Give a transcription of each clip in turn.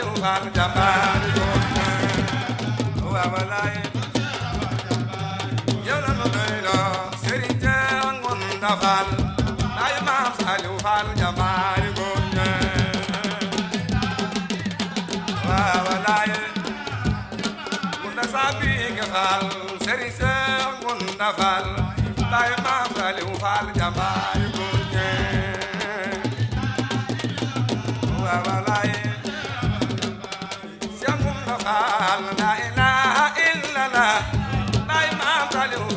Serigne Cheikh Ngounda Fall, Baye Ma Fall, Fall Jàmbaar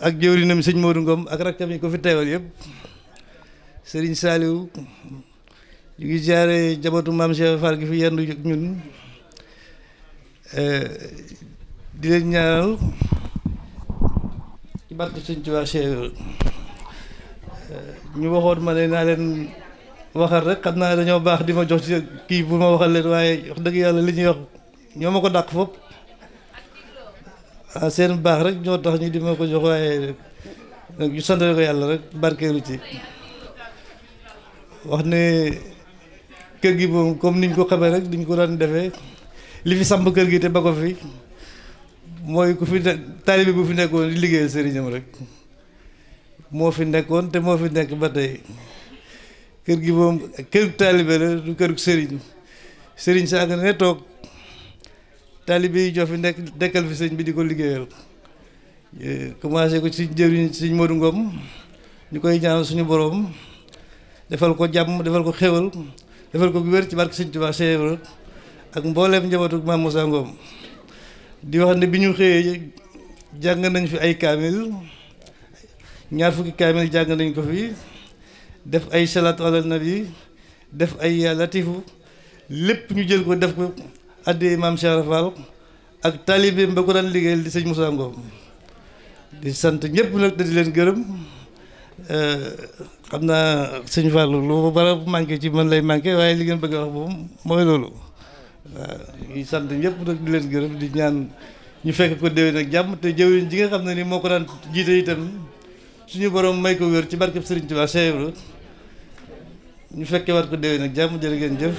ak jëwrinam sëñ Modou Ngom ak rakkam yi ko fi teewal yëpp sëriñ Saliou ñu ngi ziare jabatu maam Cheikh Fall gi fi yendu ñun eh, di leen ñaanal ci barke sëñ Tuubaa Cheikh eh, ñu waxoon ma ne naa leen waxal rek xam naa dañoo baax di ma jox ci kii bu ma waxal leen waaye wax dëgg yàlla li ñuy wax ñoo ma ko dàq foofu ah seen baax rek ñoo tax ñu di ma ko jox waaye nag ñu santale ko yàlla rek barkeelu ci wax ne kër gi moom comme niñ ko xamee rek niñ ko daan defee li fi samp kër gi te ba ko fi mooy ku fi ne bu fi nekkoon di liggéeyal sëriñam rek moo fi nekkoon te moo fi nekk ba tey kër gi moom kër taalibe la du kër sëriñ sëriñ saa nga ne toog taalibe yi ñoo fi nekk dekkal fi sëñ bi di ko liggéeyal commencé ko ci jëriñ sëñ Modou ngoom ñu koy ñaanal suñu boroom defal ko jàmm defal ko xéwal defal ko wér ci barke sëñ Tuubaa Séex ak mbooleem njabootu Maam Moussa Ngom di wax ne bi ñu xëyee jàng nañ fi ay kaamil ñaar fukki kaamil jàng nañ ko fi def ay salaatu na nabi def ay yaa latifu lépp ñu jël ko def ko addee maam Cheikh Fall ak taalibeem ba ko daan liggéey li sëñ Moussa Ngom di sant ñëpp nag di leen gërëm eh, xam naa sëñ Fall lu bara manqué ci man lay manqué waaye li ngeen bëgg a wax moom mooy loolu waaw eh, di sant ñëpp nag di leen gërëm di ñaan ñu fekk ko déwén ak jàmm te jëwriñ ji nga xam ne ni moo ko daan jiite itam suñu borom may ko wér ci barkeb Sëriñ Tuubaa Cheikh ñu fekkee war ko déwén ak jàmm jërë ngeen jëf.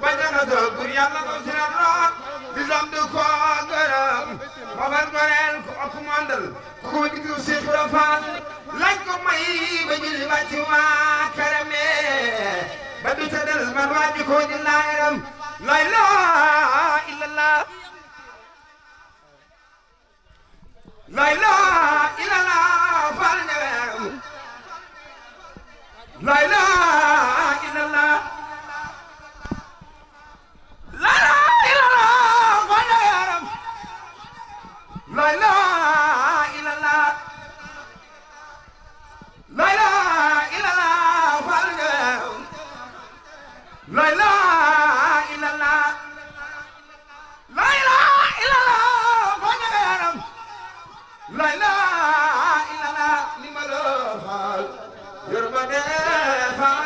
bajana doo gur yàlla doo si ren root lislam du ko gërëm babar ko diggu Seex Ibra Faal lañ ko may ba julli wàcc waa karame ba du ca del man wàññi ko di laayaram lay laa illallah lay laa illallah faal ñeweeram lay laa illallah Layla ilala ni la faal yor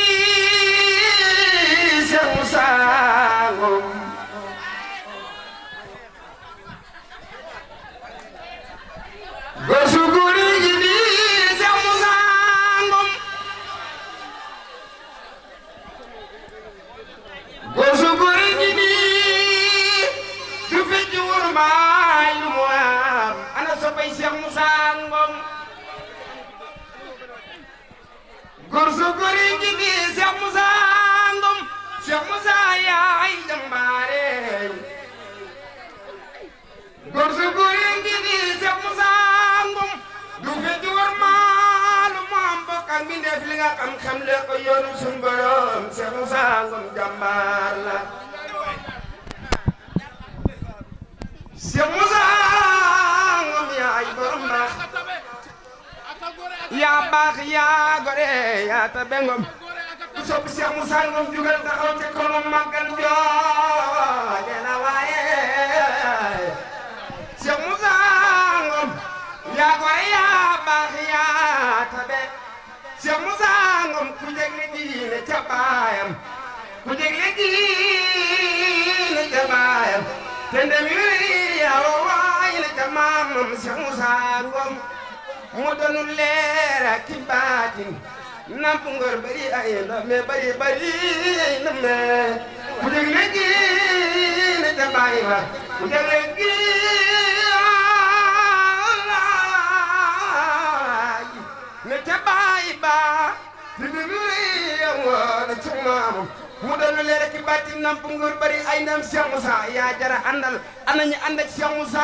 baay lu mu am ana soppay Cheikh Moussa Ngom gorsu gori ngi fi Cheikh Moussa Ngom Cheikh Moussa yaay jambaare gorsu gori ngi fi Cheikh Moussa Ngom du fi li nga xam xam le yoonu sunu borom Cheikh Moussa Ngom jambaar la baax yaa gore yaa ta bengom ku sopp Cheikh Moussa Ngom jugal taxaw ca kono màggal jooje la waaye Cheikh Moussa yaa gore yaa baax yaa ta be Cheikh Moussa Ngom ku jegle diine ca baayam ku jegle diine ca baayam te ndem yu yaa waaye la ca maamam Cheikh Moussa mu doonu leera ki baatin namp ngor bari ay ndame bari bari ay ndame ku dégle gi ne ta ba ku dégle gi ne ta bàyyi ba di dégle yow na ci maamu mu doonu leera ki baatin namp ngor bari ay ndam Cheikh Moussa yaa jara àndal ana ñu ànd ak Cheikh Moussa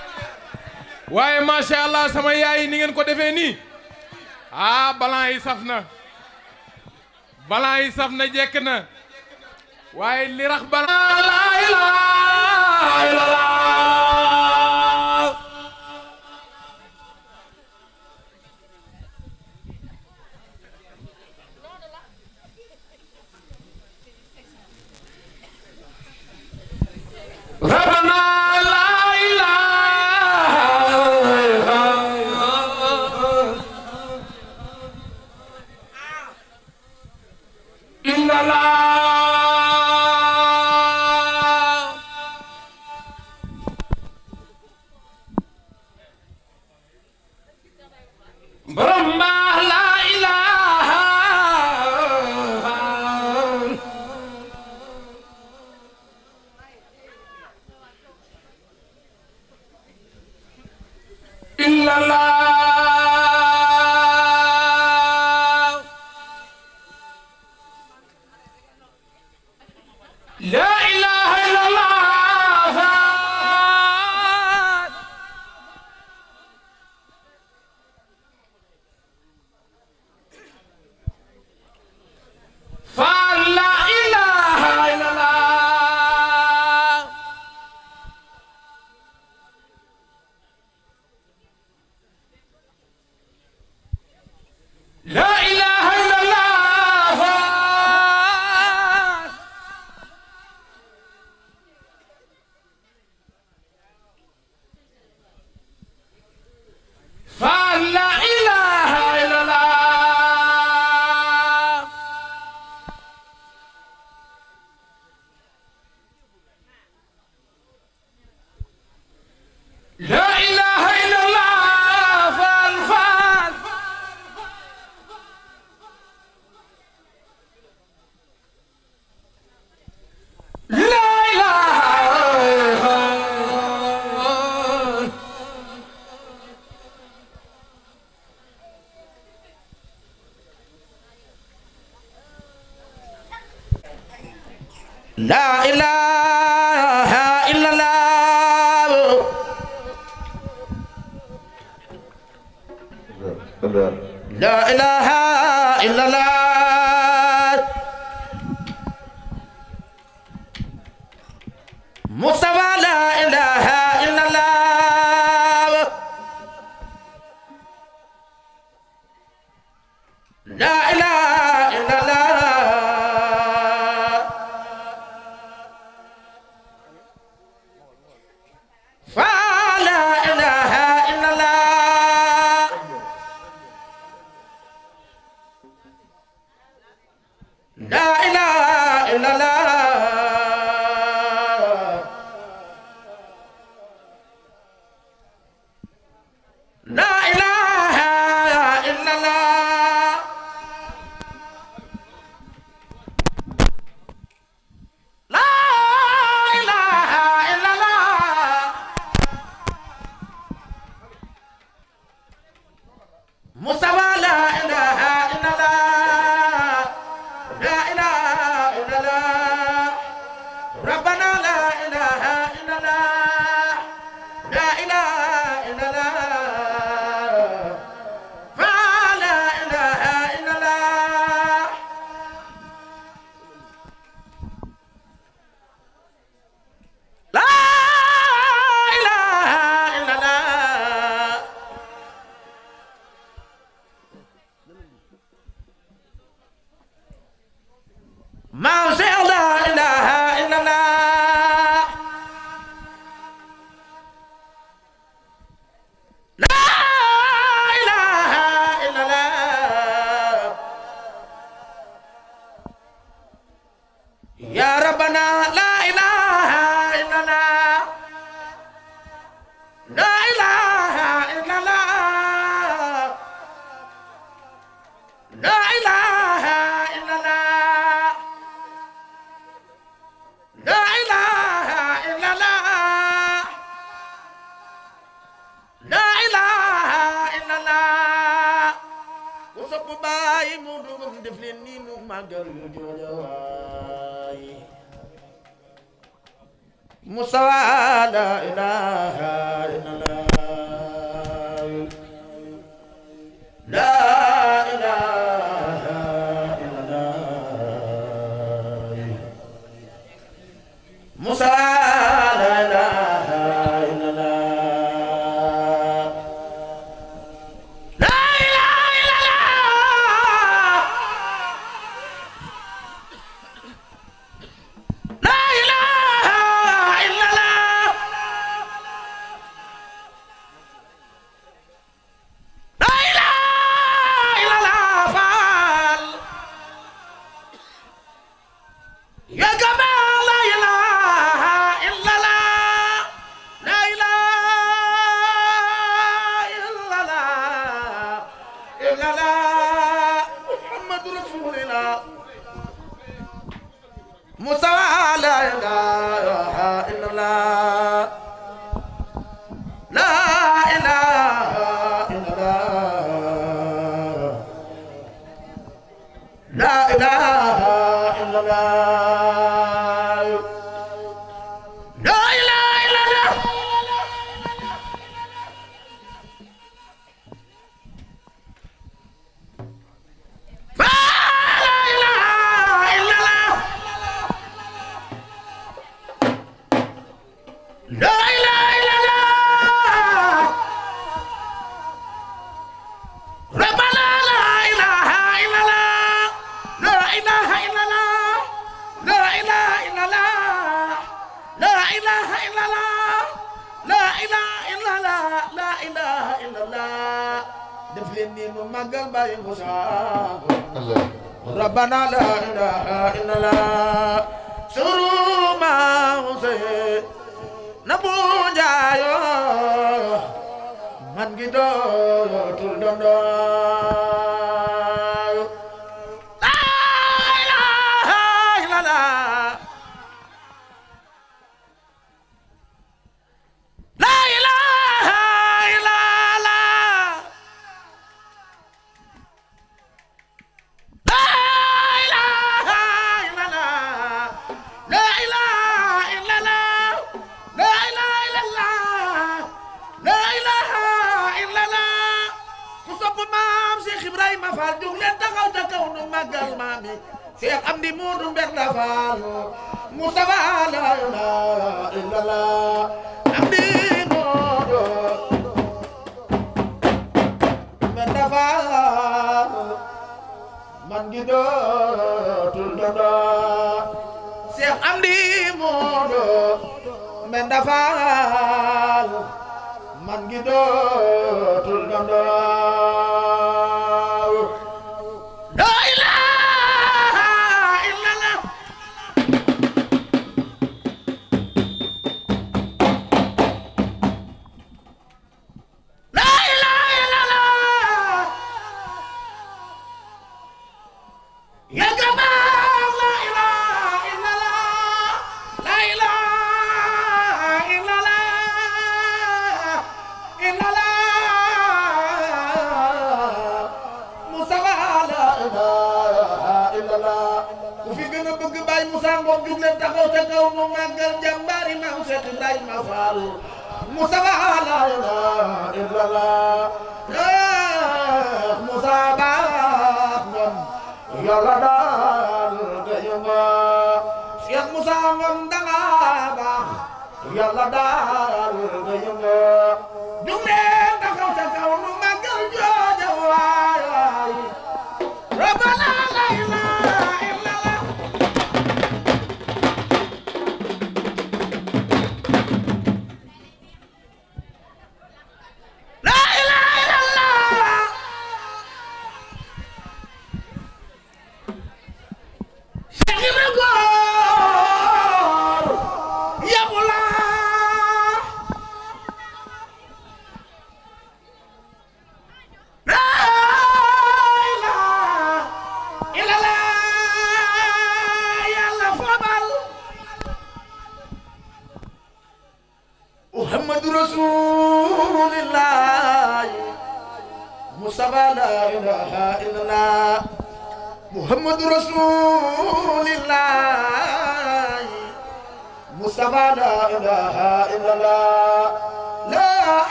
waaye macha allah sama yaay ni ngeen ko defee nii ah balan yi saf na balan yi saf na jekk na waaye li rax balan Rabba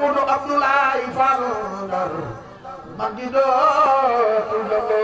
Moodu Abdoulaye Fall Ndar mag gi dootul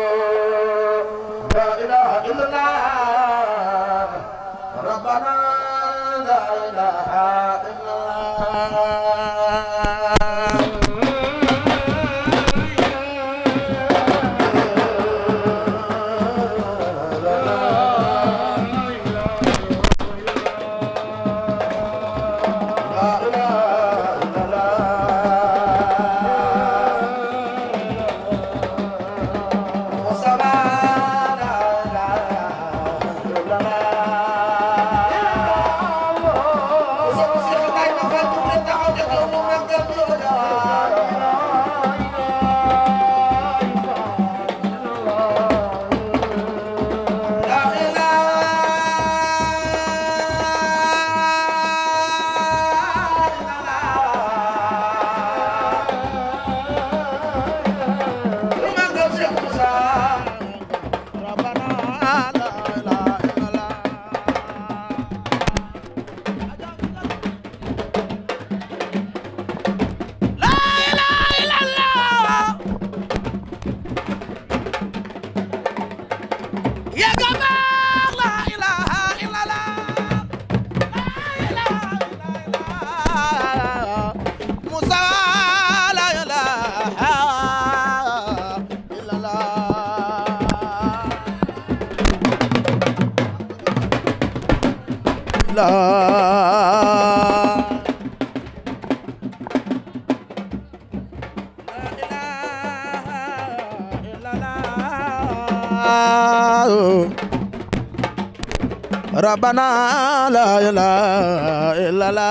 ilaha illa la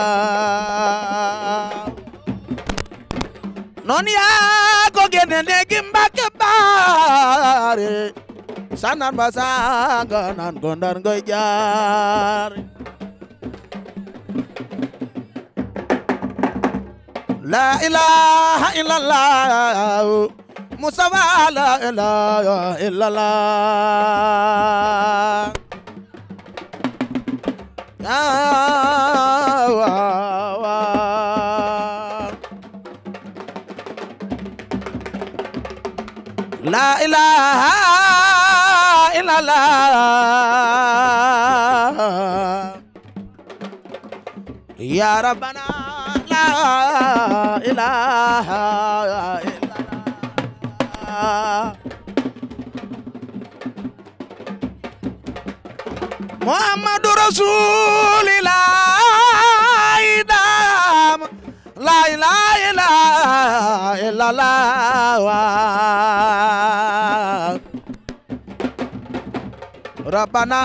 noon yaa ko génne néegi Mbàkke baare sanan ba sanga nan ko ndar ngoy jaar la ilaha illa la musawa la ilaha illa la لا إله إلا الله يا ربنا لا إله muhammadu rasulillahi daam la ilaha illallah rabbana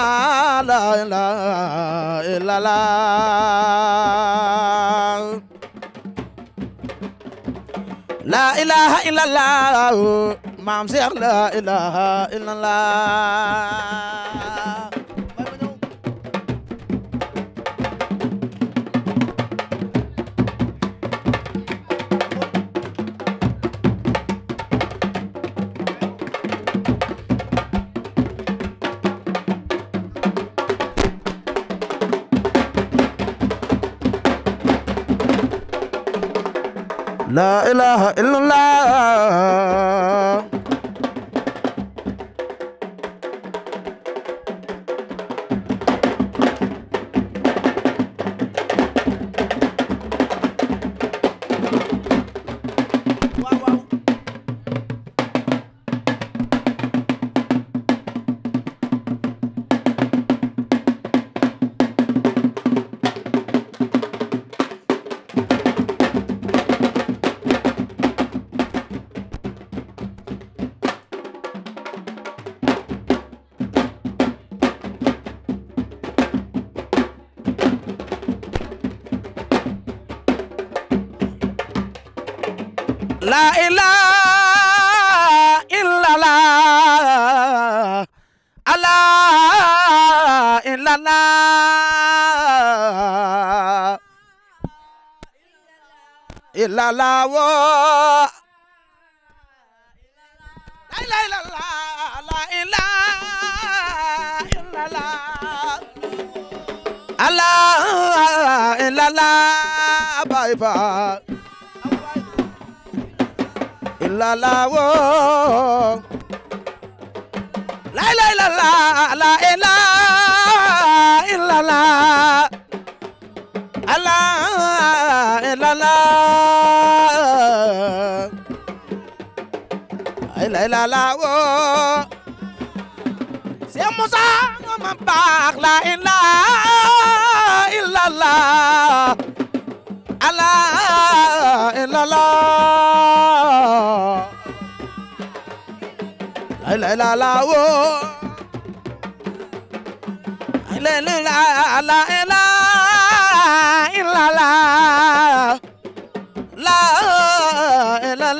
la ilaha illallah la ilaha illallah maam seex la ilaha illallah la ilaha illallah إلا لا و لا لا لا لا إلا إلا لا الله إلا لا باي باي إلا لا و لا لا لا لا إلا إلا لا la la la la la la wo se musa no ma bak la la la la ala la la la la la wo la la la la la la la la la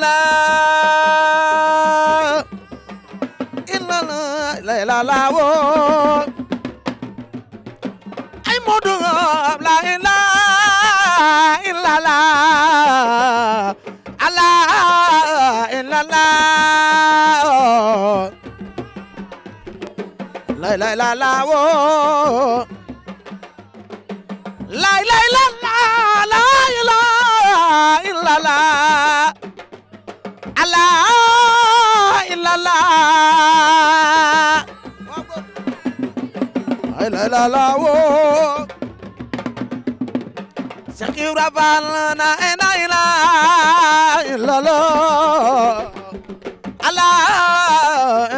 la la la woo ay Modou la la la la ala la la la la la la woo la la ala illa la ay la la la wo Cheikh Ibra Fall na ena ila illa la ala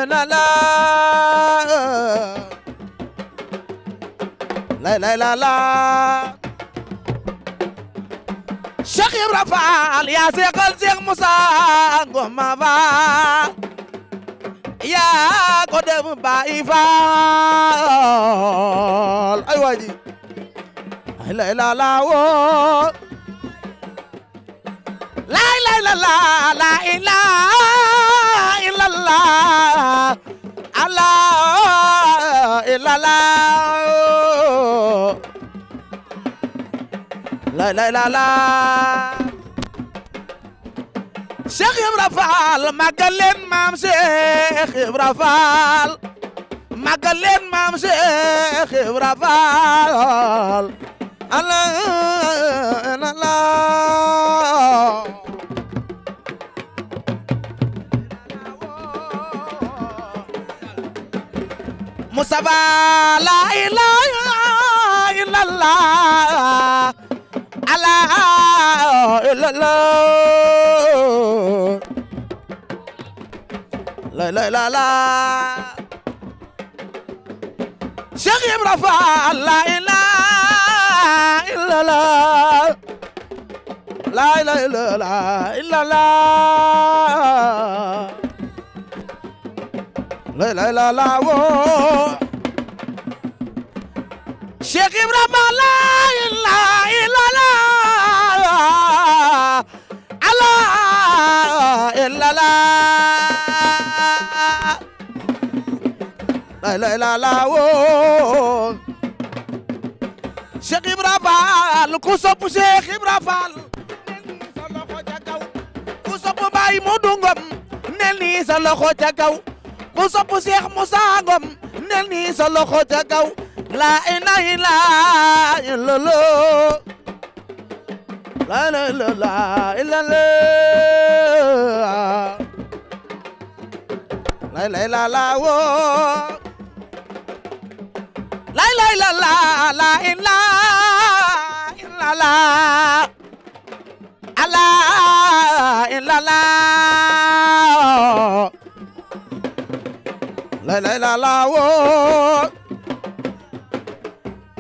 illa la la la la Cheikh Ibra Faal yaa seexal Cheikh Moussa Ngoma Faal yaa ko dem Baay Faal ay waaji ay lay la la woo lay lay la la la ila ila la ala ila la لا لا لا شيخ برافال ما قال لين مام شيخ برافال ما قال لين مام شيخ برافال الله انا لا مصطفى لا إله إلا الله Allah la la la la la Cheikh Ibra Fall la ilaha illallah la ilaha illallah la la la la wo Cheikh Ibra Fall إلا لا لا إله إلا لا Ibra Fall ku sopp Cheikh Ibra Fall nel ni loxo ca kaw ku sopp Baay Moodu Ngom nel ni sa loxo ca kaw ku sopp Cheikh Moussa nel ni loxo ca kaw la ilaha illa Allah la la la la la la la la la wo la la la la la la la la ala la la la la la la wo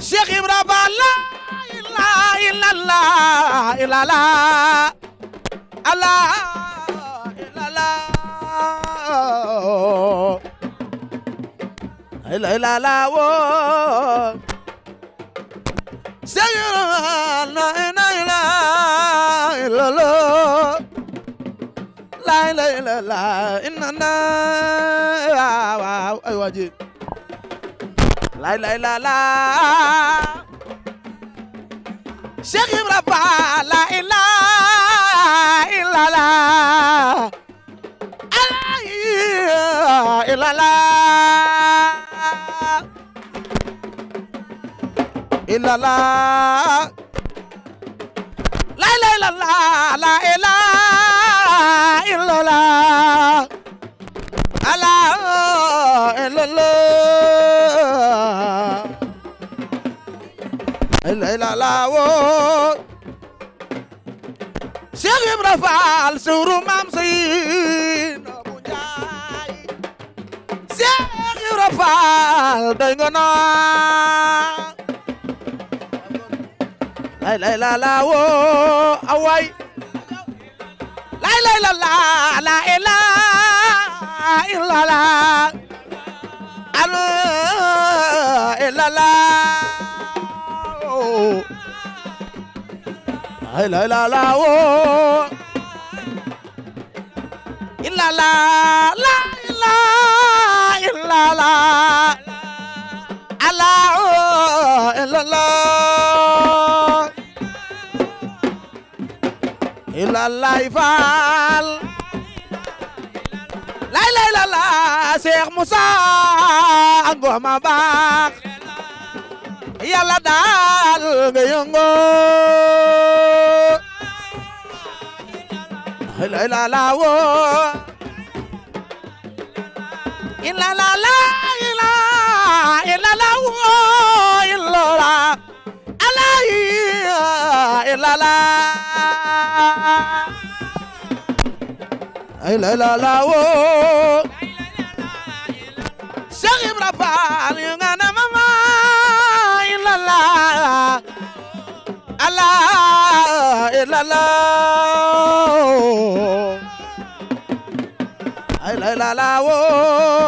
Cheikh Ibrahima la illallah illallah Allah illallah illallah wo sayyidina la ilaha illallah la ilaha illallah inna ay waji la ilaha illallah illallah la ilaha illallah la ilaha illallah ala oh, illallah la ilaha wo Cheikh Ibra Fall suru mam sayin bu jaay Cheikh Ibra Fall day nga naa lay lay la la woo awaay lay lay la la la ila eh, ila la ala eh, ila la eh, lay lay la la woo ila la la ila ila la ala ila la oh, ilallay faal lay la la Cheikh Moussa Ngoma baax yàlla daal nga yëngo la la wo la ilallay la la ay la la la woo Cheikh Ibra Fall yu nga na mama ay la la ala ay la la ay la la la woo oh.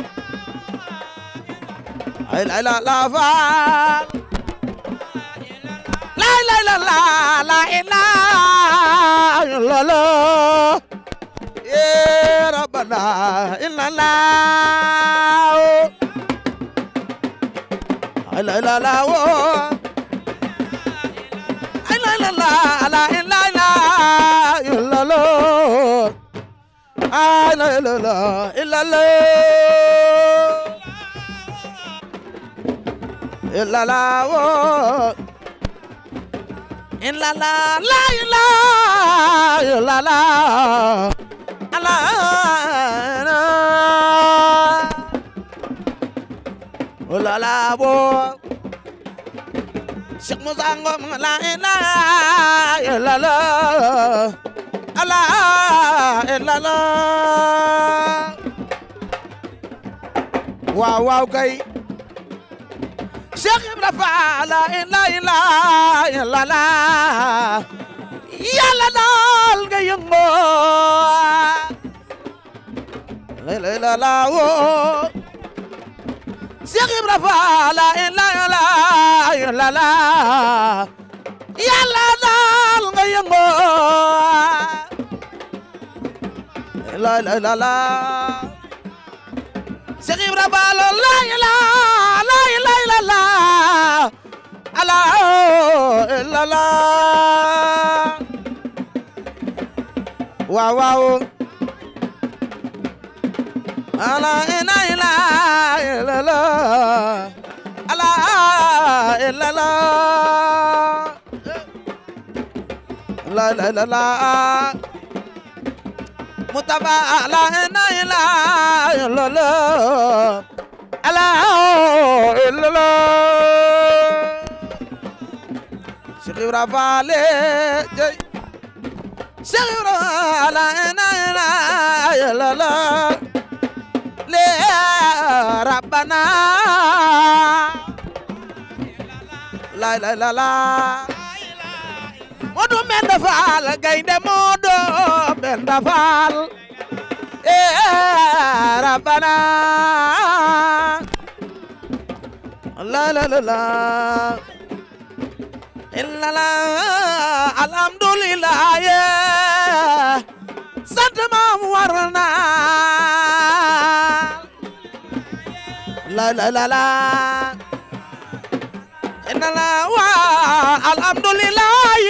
la la la fa la la la la la ina la la ya rabbana inna la la la la wo la la la la ina la la la la la la la la la oh in la la la la la la la oh, oh. waaw waaw kay Cheikh Ibra Fall la la yàlla daal la ilaha illa la woo Cheikh Ibra Fall la ilaha illa la yàlla daal la ilaha oh. Cheikh Ibra Baalo la ilaha la ilaha illallah ala illallah waaw waaw ala ilaha illallah ala illallah la la la مصطفى لا اله الا الله لا اله الا الله شيخ ابراهيم فالي جاي شيخ ابراهيم لا اله الا الله ربنا لا لا لا لا Moodu Mbenda Fall gaynde Moodu Mbenda Fall ee rabbana la la la la illa la alhamdulillah ye sant maam war na la la la la inna la wa alhamdulillah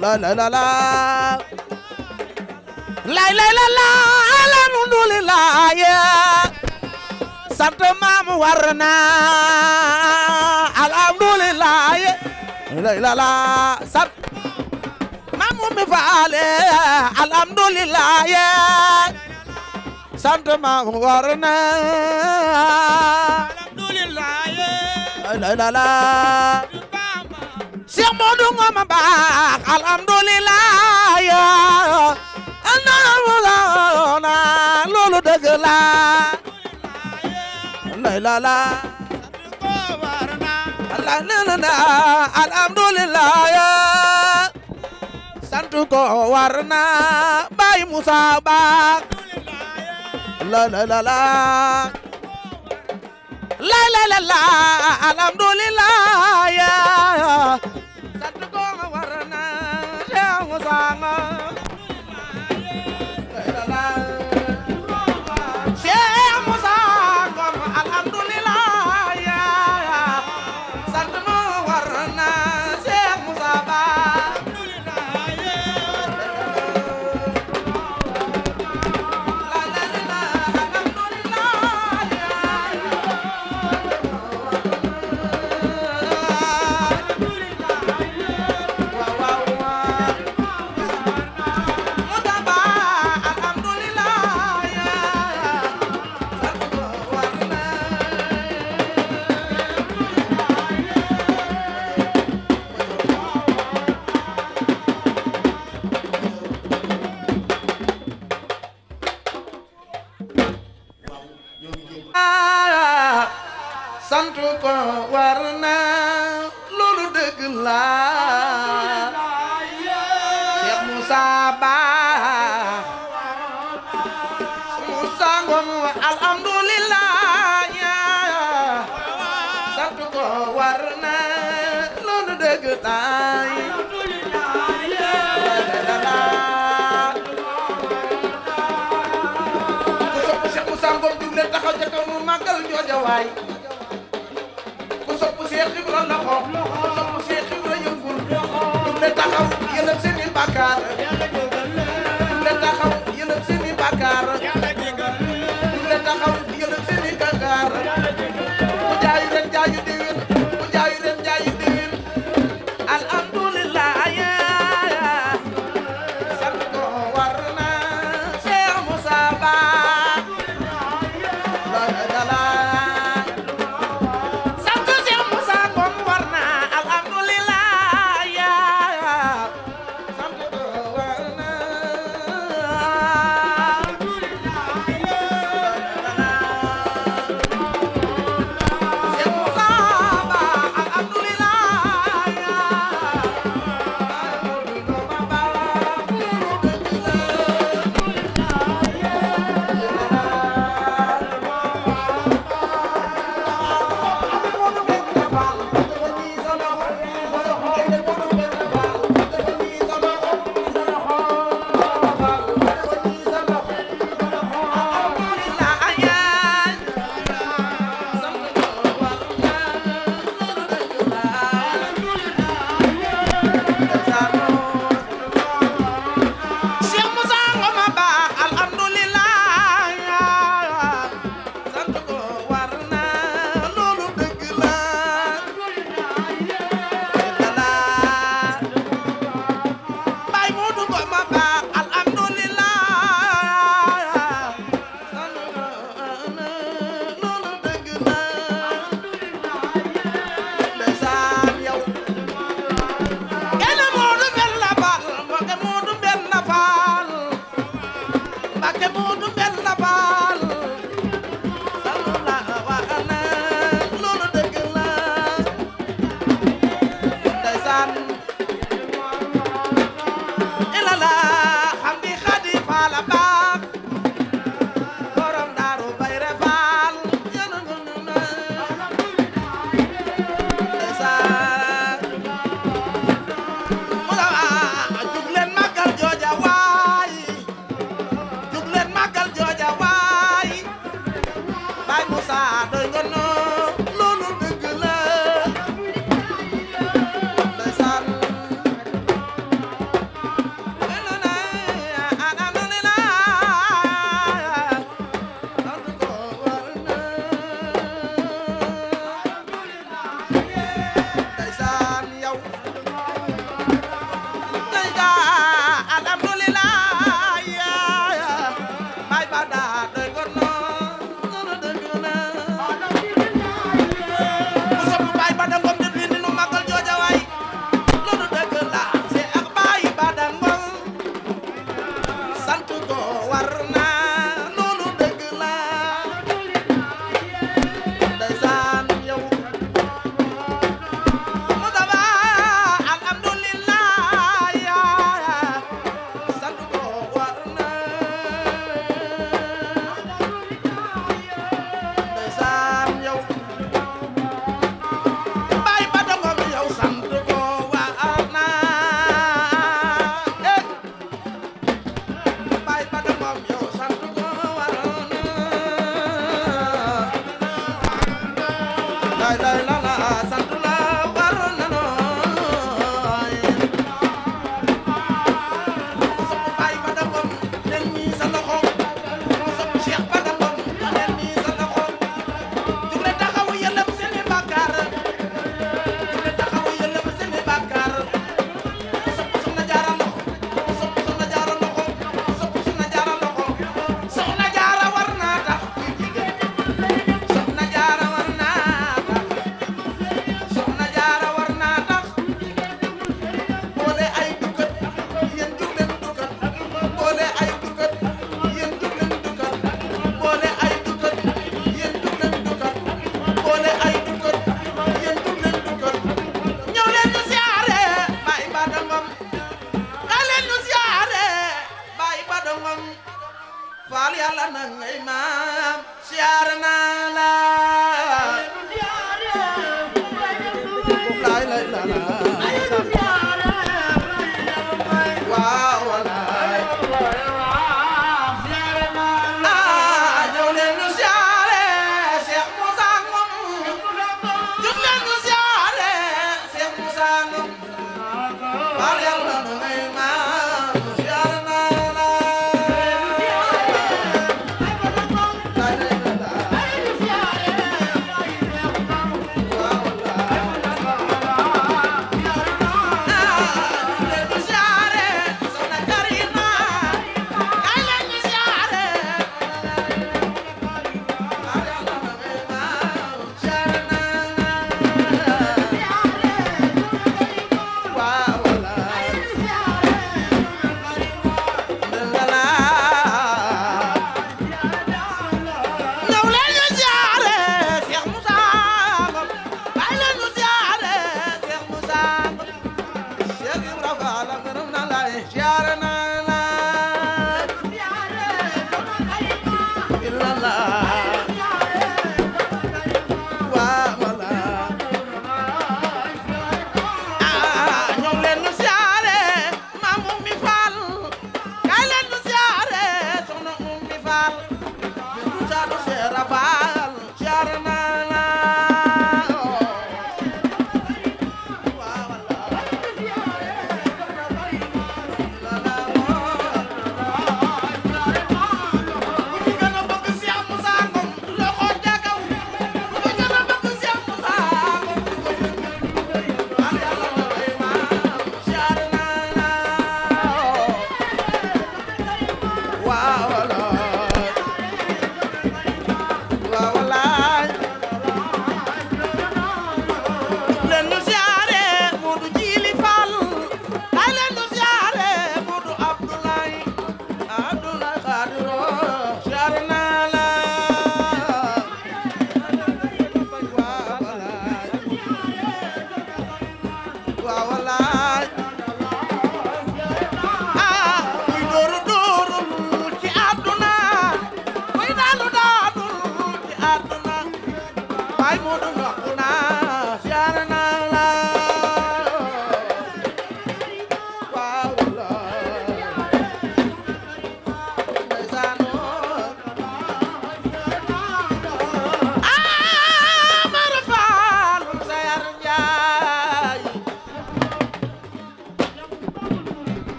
la la la la lay lay la la alhamdulillah ya sant maam war na alhamdulillah ya lay la la sant maam mi faale alhamdulillah ya sant maam war na alhamdulillah ya lay la la Cheikh Modou Ngom baax alhamdulilah yaa na loolu dëgg la lay la la Allah nee na alhamdulilah yaa sant ko war na Baye Moussa baax la la la la la la la la alhamdulillah ya sant ko ma war na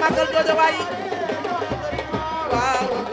màggal Géejawaay waaw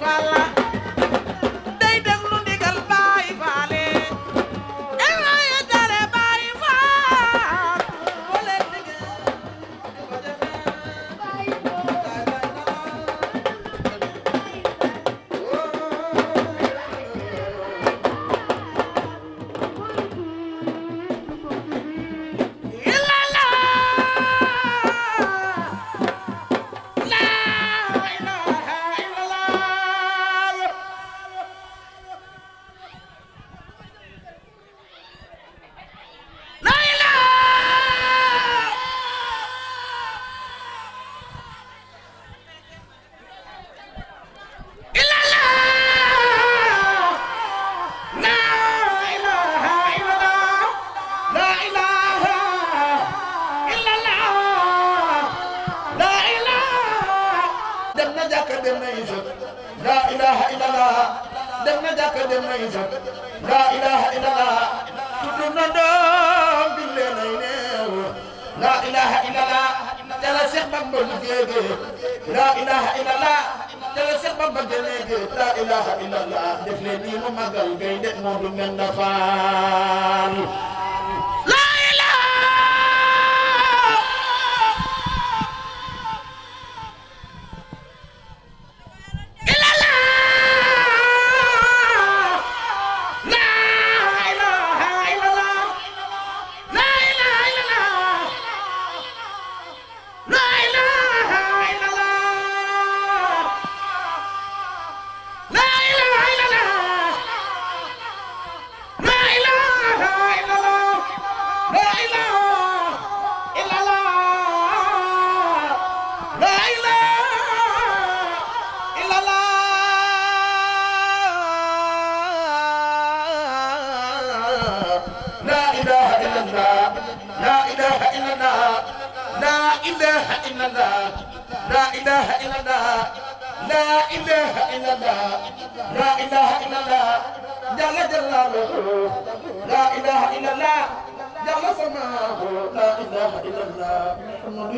Gala.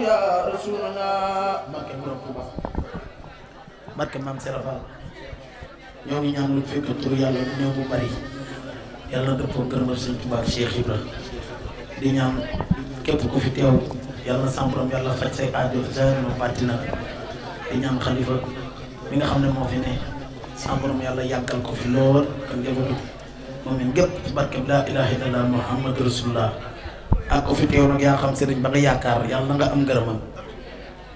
ya rasulullah barke borom maam Serafal ñoo ngi ñaan lu fekk tur yàlla bu néew bu bari yàlla dëppoo gërëmal sëñ Tuuba ak Cheikh Ibra di ñaan képp ku fi teew yàlla sàmparam yàlla faj say aajo zahir ma bàtti na di ñaan xalifa mi nga xam ne moo fi ne yàlla yàggal ko fi lool ak njabootu moom it gépp ci laa ilaaha illallaah muhammad rasulullah ak ko fi teew nag ya xam serigne ba nga yakar yalla nga am ngeureumal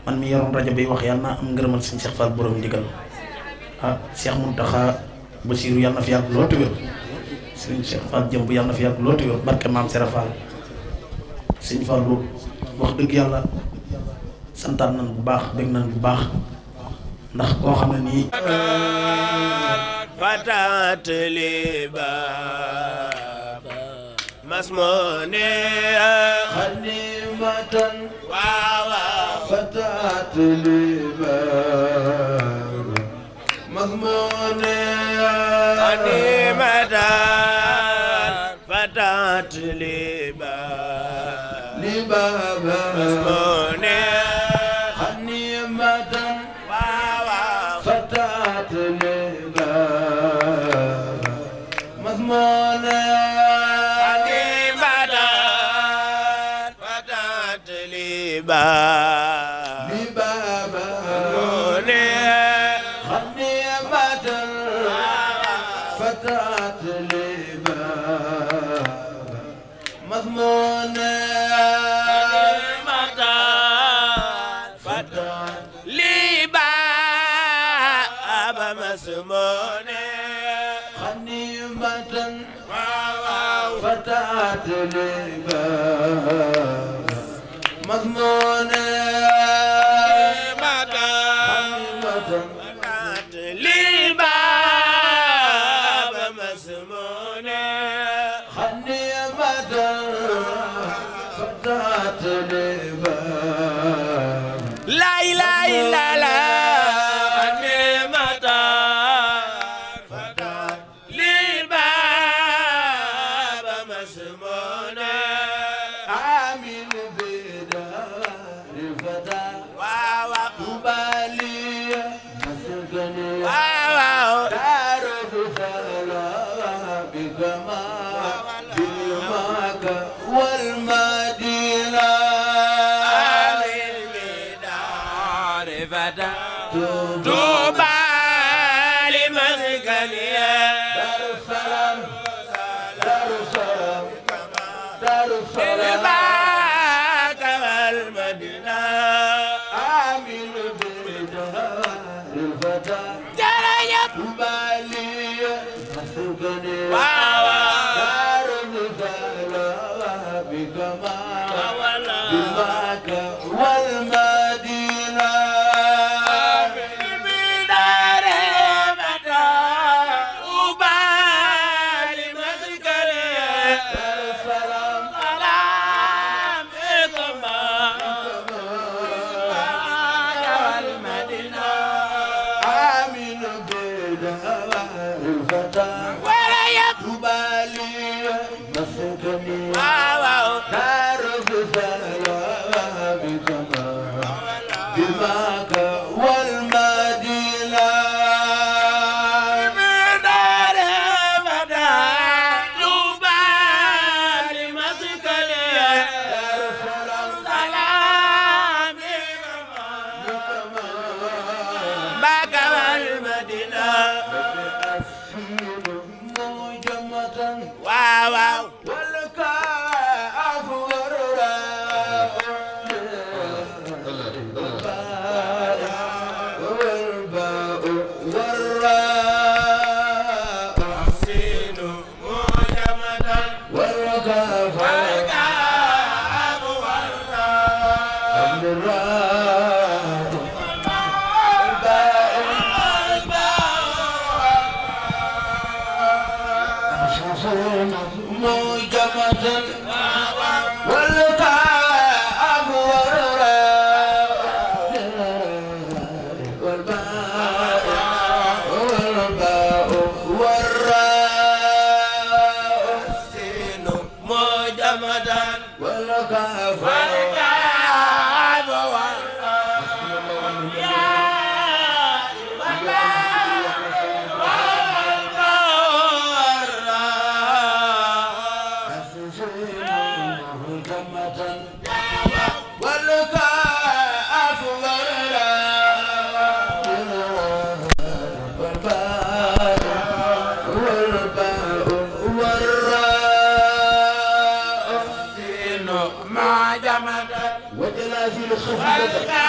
man mi yoron radio bay wax yalla naa am ngeureumal serigne Cheikh Fall borom digal ah Cheikh Mountakha basiru yalla fi yak lool te serigne Cheikh Fall jëm bu yalla fi yak lool te barke mam serigne Fall suñu Fallu wax deug yalla santan nan bu baax dégg nan bu baax ndax ko xamna ni fatat liba مسموني خليمة فتات الإمام مضموني خليمة العباد Sumana 감사합니다. What together.